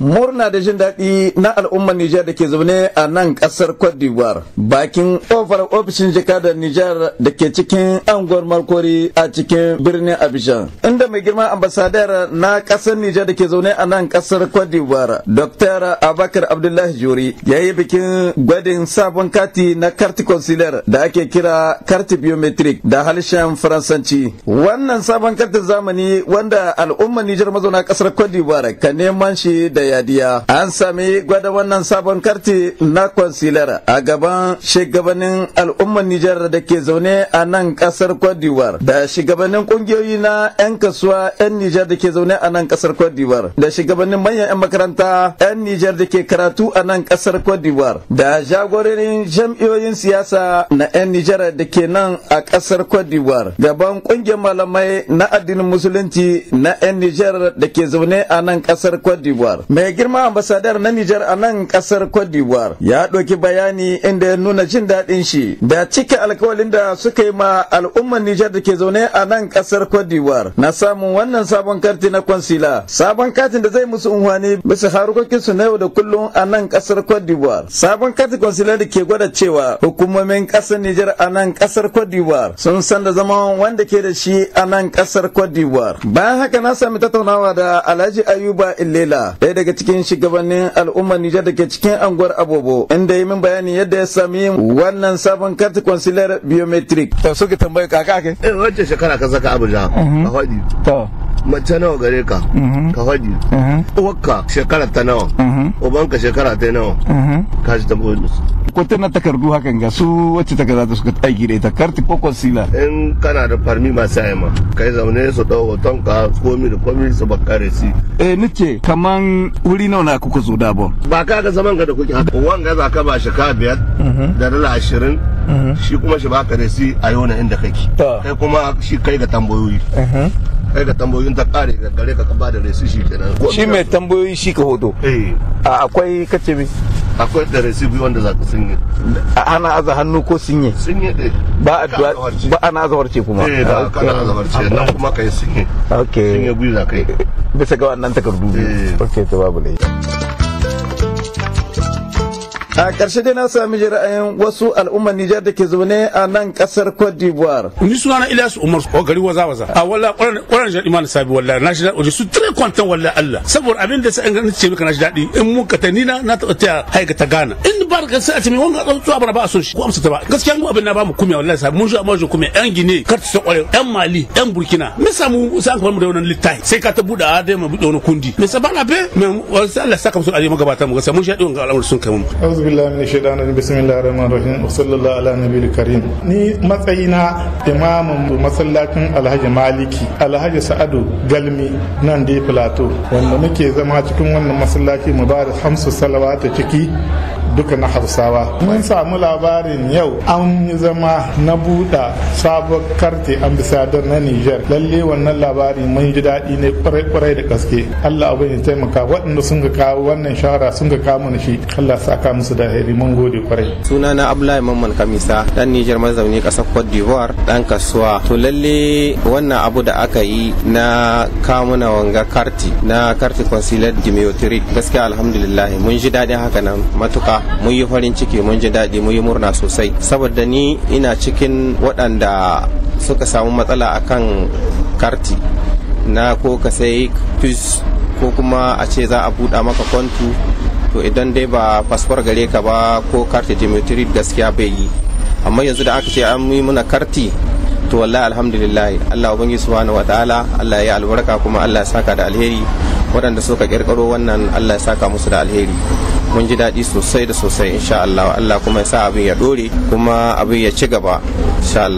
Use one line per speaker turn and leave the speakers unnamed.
murna da jin daɗi na al'ummar Nijar da ke zaune a nan ƙasar Cote d'Ivoire bakin ofar ofishin jakadar Nijar da ke cikin anguwar Markori a cikin birnin Abidjan. Inda mai girma ambasadar na ƙasar Nijar da ke zaune a nan ƙasar Cote d'Ivoire, Dr. Abakar Abdullahi juri ya yi bikin gwadin sabon kati na karti consular da ake kira karti biometric da harshen Faransanci. Wannan sabon kartin zamani wanda al'ummar Nijar mazauna ƙasar Cote d'Ivoire ka neman shi da yadiya an sami gwada wannan sabon karti na consular a gaban shugabannin al'ummar Nijar da ke zaune a nan kasar kwadiwar da shugabannin kungiyoyi na 'yan kasuwa 'yan Nijar da ke zaune a nan kasar kwadiwar da shugabannin manyan 'yan makaranta 'yan Nijar da ke karatu a nan kasar kwadiwar da jagororin jam'iyoyin siyasa na 'yan Nijar da ke nan a kasar kwadiwar gaban kungiyar malamai na addinin musulunci na 'yan Nijar da ke zaune a nan kasar kwadiwar mai girma ambasadar na Nijar a nan kasar Cote d'Ivoire ya ɗauki bayani inda ya nuna jin daɗin shi da cike alkawalin da suka yi ma al'ummar Nijar da ke zaune a nan kasar Cote d'Ivoire na samun wannan sabon karti na kwansila sabon katin da zai musu unhwani bisa harkokin su na yau da kullum a nan kasar Cote sabon katin kwansila da ke gwada cewa hukumomin kasar Nijar a nan kasar Cote d'Ivoire sun san da zaman wanda ke da shi a nan kasar Cote d'Ivoire bayan haka na sami tattaunawa da Alhaji Ayuba Ilela. ɗaya daga daga cikin shugabannin al'ummar Nijar da ke cikin anguwar Abobo inda yi min bayani yadda ya sami wannan sabon kartu consular biometric. To tambaye ka ka ke? Eh wacce shekara ka saka
Abuja Ka mhm. faɗi. To mace nawa gare ka mhm. ka faɗi. Mhm. Uwarka shekara ta nawa. Uban ka shekara ta nawa. Ka ji tambayoyin
kwata na takardu hakan ga su wacce takarda ta suka aiki da ita karti ko konsila
in kana da farmi masu yayima kai zaune su dau hoton ka komi da komi su bakare si
eh nake kaman wuri nawa na kuka zo da ba
ba ka ga zaman ga da kuke haka wanga za ka ba shi ka biyar mhm. da dala 20 mhm. shi kuma shi baka da si a yau na inda kake kai kuma shi kai ga tambayoyi mhm. kai ga tambayoyin ta kare gare ka ba da resi shi kenan shi
mai tambayoyi shi ka
hoto eh akwai kace mi akwai da resibi wanda za ka sunye ana aza hannu ko sunye sunye ɗin ba addu'a ba ana azawarce kuma eh da ka azawarce nan kuma kai sunye okay sunye gwiwa kai bisa ga wannan takardu eh. okay to babu laifi
a ƙarshe dai na sami ji ra'ayin wasu al'ummar Nijar da ke zaune a nan ƙasar Cote d'Ivoire.
Ni suna na Ilyas Umar ko gari waza waza. A wala ƙwarar jaɗi ma sabi wala na shi daɗi su tere kwantan wala Allah. Saboda abin da sa'in ganin ce maka na shi daɗi in mun ka ta ni na ta haika ta gana. In ba da a ce wannan kan zuwa bara ba so shi ko amsa ta ba gaskiya mu abin na ba mu kumya wallahi sai mun ji amma kumya yan gine kar su kware yan mali yan burkina me samu sai an kamar mu da wannan littai sai ka ta buda da mu buɗe wani kundi me sa bana be me Allah saka musu aje magabata mu gaskiya mun sha diwan ga al'amur sun kai mu
a'udhu billahi minash shaitani bismillahir rahmanir rahim wa sallallahu ala nabiyil karim ni matsayina imamin masallacin alhaji maliki alhaji sa'adu galmi nan dai plateau wanda muke zama cikin wannan masallaci mu ba da hamsu salawata ciki duka na hausawa mun samu labarin yau an yi zama na buɗa sabon karti ambasadar na niger lalle wannan labari mun ji daɗi ne kwarai-kwarai da gaske allah abin ya taimaka waɗanda sun ga kawo wannan shahara sun ga kawo mana shi allah ka musu da heri mun gode kwarai na abdullahi
mamman kamisa dan niger mazauni ƙasar cote d'ivoire dan kasuwa to lalle wannan abu da aka yi na kamuna wanga karti na karti consulate dimiotric gaskiya alhamdulillah mun ji daɗin haka nan matuka mun yi farin ciki mun ji daɗi mun yi murna sosai saboda ni ina cikin waɗanda suka samu matsala akan karti na ko ka sai fis ko kuma a ce za a buɗa maka kwantu to idan dai ba fasfar gare ka ba ko karti dimitri gaskiya bai yi amma yanzu da aka ce an yi muna karti to wallahi alhamdulillah Allah ubangi subhanahu wataala Allah ya albarka kuma Allah ya saka da alheri waɗanda suka kirkiro wannan Allah ya saka musu da alheri mun ji daɗi sosai da sosai insha Allah Allah kuma ya sa abin ya ɗore kuma abin ya ci gaba insha Allah